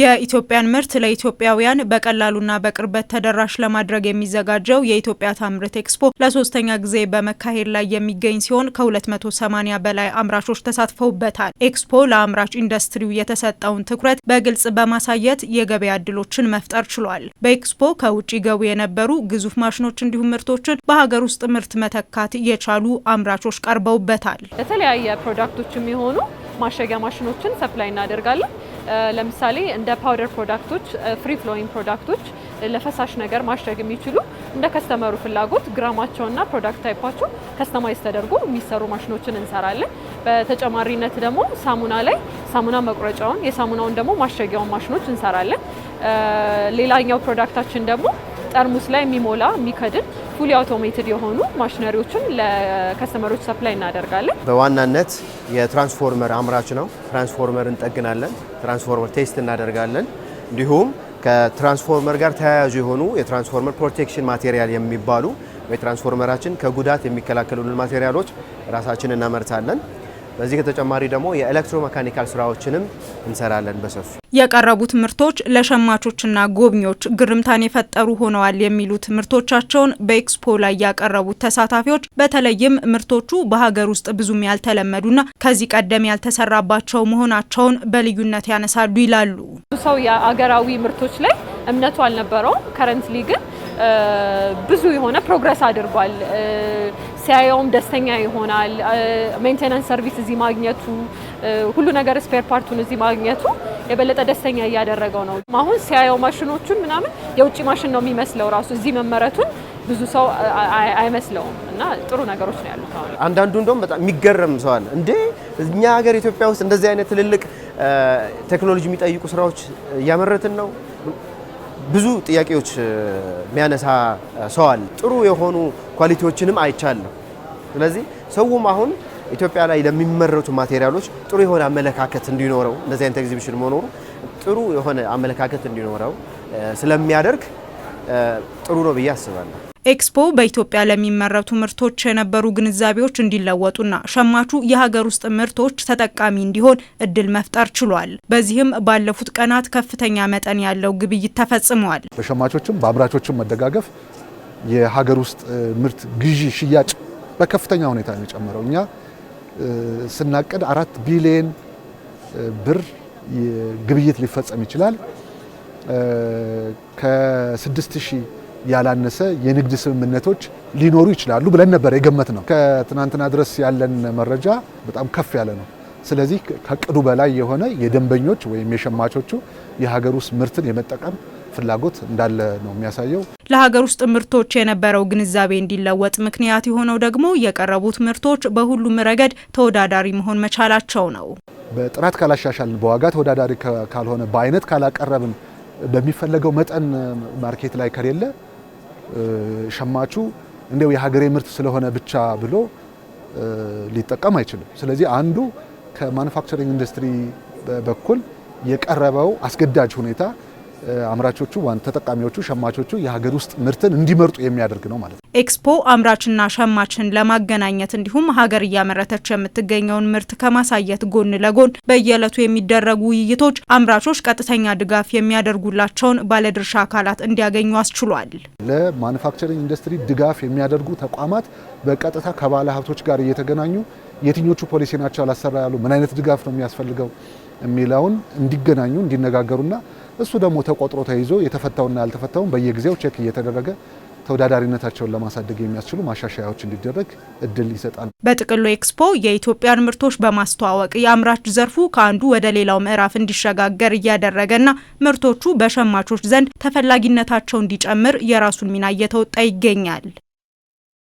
የኢትዮጵያን ምርት ለኢትዮጵያውያን በቀላሉና በቅርበት ተደራሽ ለማድረግ የሚዘጋጀው የኢትዮጵያ ታምርት ኤክስፖ ለሶስተኛ ጊዜ በመካሄድ ላይ የሚገኝ ሲሆን ከ280 በላይ አምራቾች ተሳትፈውበታል። ኤክስፖ ለአምራች ኢንዱስትሪው የተሰጠውን ትኩረት በግልጽ በማሳየት የገበያ እድሎችን መፍጠር ችሏል። በኤክስፖ ከውጭ ገቡ የነበሩ ግዙፍ ማሽኖች እንዲሁም ምርቶችን በሀገር ውስጥ ምርት መተካት የቻሉ አምራቾች ቀርበውበታል። የተለያየ ፕሮዳክቶች የሚሆኑ ማሸጊያ ማሽኖችን ሰፕላይ እናደርጋለን። ለምሳሌ እንደ ፓውደር ፕሮዳክቶች፣ ፍሪ ፍሎዊንግ ፕሮዳክቶች ለፈሳሽ ነገር ማሸግ የሚችሉ እንደ ከስተመሩ ፍላጎት ግራማቸውና ፕሮዳክት ታይፓቸው ከስተማይዝ ተደርጎ የሚሰሩ ማሽኖችን እንሰራለን። በተጨማሪነት ደግሞ ሳሙና ላይ ሳሙና መቁረጫውን የሳሙናውን ደግሞ ማሸጊያውን ማሽኖች እንሰራለን። ሌላኛው ፕሮዳክታችን ደግሞ ጠርሙስ ላይ የሚሞላ የሚከድን ፉሊ አውቶሜትድ የሆኑ ማሽነሪዎችን ለከስተመሮች ሰፕላይ እናደርጋለን። በዋናነት የትራንስፎርመር አምራች ነው። ትራንስፎርመር እንጠግናለን፣ ትራንስፎርመር ቴስት እናደርጋለን። እንዲሁም ከትራንስፎርመር ጋር ተያያዙ የሆኑ የትራንስፎርመር ፕሮቴክሽን ማቴሪያል የሚባሉ ወይ ትራንስፎርመራችን ከጉዳት የሚከላከሉልን ማቴሪያሎች ራሳችን እናመርታለን። በዚህ ከተጨማሪ ደግሞ የኤሌክትሮሜካኒካል ስራዎችንም እንሰራለን በሰፊ የቀረቡት ምርቶች ለሸማቾችና ጎብኚዎች ግርምታን የፈጠሩ ሆነዋል የሚሉት ምርቶቻቸውን በኤክስፖ ላይ ያቀረቡት ተሳታፊዎች በተለይም ምርቶቹ በሀገር ውስጥ ብዙም ያልተለመዱና ከዚህ ቀደም ያልተሰራባቸው መሆናቸውን በልዩነት ያነሳሉ ይላሉ። ሰው የአገራዊ ምርቶች ላይ እምነቱ አልነበረውም። ከረንትሊ ግን ብዙ የሆነ ፕሮግረስ አድርጓል። ሲያየውም ደስተኛ ይሆናል። ሜንቴናንስ ሰርቪስ እዚህ ማግኘቱ፣ ሁሉ ነገር ስፔር ፓርቱን እዚህ ማግኘቱ የበለጠ ደስተኛ እያደረገው ነው። አሁን ሲያየው ማሽኖቹን ምናምን የውጭ ማሽን ነው የሚመስለው ራሱ እዚህ መመረቱን ብዙ ሰው አይመስለውም እና ጥሩ ነገሮች ነው ያሉት። አሁን አንዳንዱ እንደውም በጣም የሚገረም ሰዋል እንዴ እኛ ሀገር ኢትዮጵያ ውስጥ እንደዚህ አይነት ትልልቅ ቴክኖሎጂ የሚጠይቁ ስራዎች እያመረትን ነው ብዙ ጥያቄዎች የሚያነሳ ሰው አለ። ጥሩ የሆኑ ኳሊቲዎችንም አይቻለሁ። ስለዚህ ሰውም አሁን ኢትዮጵያ ላይ ለሚመረቱ ማቴሪያሎች ጥሩ የሆነ አመለካከት እንዲኖረው እንደዚህ አይነት ኤግዚቢሽን መኖሩ ጥሩ የሆነ አመለካከት እንዲኖረው ስለሚያደርግ ጥሩ ነው ብዬ አስባለሁ። ኤክስፖ በኢትዮጵያ ለሚመረቱ ምርቶች የነበሩ ግንዛቤዎች እንዲለወጡና ሸማቹ የሀገር ውስጥ ምርቶች ተጠቃሚ እንዲሆን እድል መፍጠር ችሏል። በዚህም ባለፉት ቀናት ከፍተኛ መጠን ያለው ግብይት ተፈጽሟል። በሸማቾችም በአምራቾችም መደጋገፍ የሀገር ውስጥ ምርት ግዢ ሽያጭ በከፍተኛ ሁኔታ ነው የጨመረው። እኛ ስናቅድ አራት ቢሊየን ብር ግብይት ሊፈጸም ይችላል ከ6000 ያላነሰ የንግድ ስምምነቶች ሊኖሩ ይችላሉ ብለን ነበረ የገመት ነው። ከትናንትና ድረስ ያለን መረጃ በጣም ከፍ ያለ ነው። ስለዚህ ከቅዱ በላይ የሆነ የደንበኞች ወይም የሸማቾቹ የሀገር ውስጥ ምርትን የመጠቀም ፍላጎት እንዳለ ነው የሚያሳየው። ለሀገር ውስጥ ምርቶች የነበረው ግንዛቤ እንዲለወጥ ምክንያት የሆነው ደግሞ የቀረቡት ምርቶች በሁሉም ረገድ ተወዳዳሪ መሆን መቻላቸው ነው። በጥራት ካላሻሻልን፣ በዋጋ ተወዳዳሪ ካልሆነ፣ በአይነት ካላቀረብን፣ በሚፈለገው መጠን ማርኬት ላይ ከሌለ ሸማቹ እንደው የሀገሬ ምርት ስለሆነ ብቻ ብሎ ሊጠቀም አይችልም። ስለዚህ አንዱ ከማኑፋክቸሪንግ ኢንዱስትሪ በኩል የቀረበው አስገዳጅ ሁኔታ አምራቾቹ ዋን ተጠቃሚዎቹ ሸማቾቹ የሀገር ውስጥ ምርትን እንዲመርጡ የሚያደርግ ነው ማለት ነው። ኤክስፖ አምራችና ሸማችን ለማገናኘት እንዲሁም ሀገር እያመረተች የምትገኘውን ምርት ከማሳየት ጎን ለጎን በየዕለቱ የሚደረጉ ውይይቶች አምራቾች ቀጥተኛ ድጋፍ የሚያደርጉላቸውን ባለድርሻ አካላት እንዲያገኙ አስችሏል። ለማኑፋክቸሪንግ ኢንዱስትሪ ድጋፍ የሚያደርጉ ተቋማት በቀጥታ ከባለ ሀብቶች ጋር እየተገናኙ የትኞቹ ፖሊሲ ናቸው አላሰራ ያሉ ምን አይነት ድጋፍ ነው የሚያስፈልገው የሚለውን እንዲገናኙ እንዲነጋገሩና እሱ ደግሞ ተቆጥሮ ተይዞ የተፈታውና ያልተፈታውን በየጊዜው ቼክ እየተደረገ ተወዳዳሪነታቸውን ለማሳደግ የሚያስችሉ ማሻሻያዎች እንዲደረግ እድል ይሰጣል። በጥቅሉ ኤክስፖ የኢትዮጵያን ምርቶች በማስተዋወቅ የአምራች ዘርፉ ከአንዱ ወደ ሌላው ምዕራፍ እንዲሸጋገር እያደረገና ምርቶቹ በሸማቾች ዘንድ ተፈላጊነታቸው እንዲጨምር የራሱን ሚና እየተወጣ ይገኛል።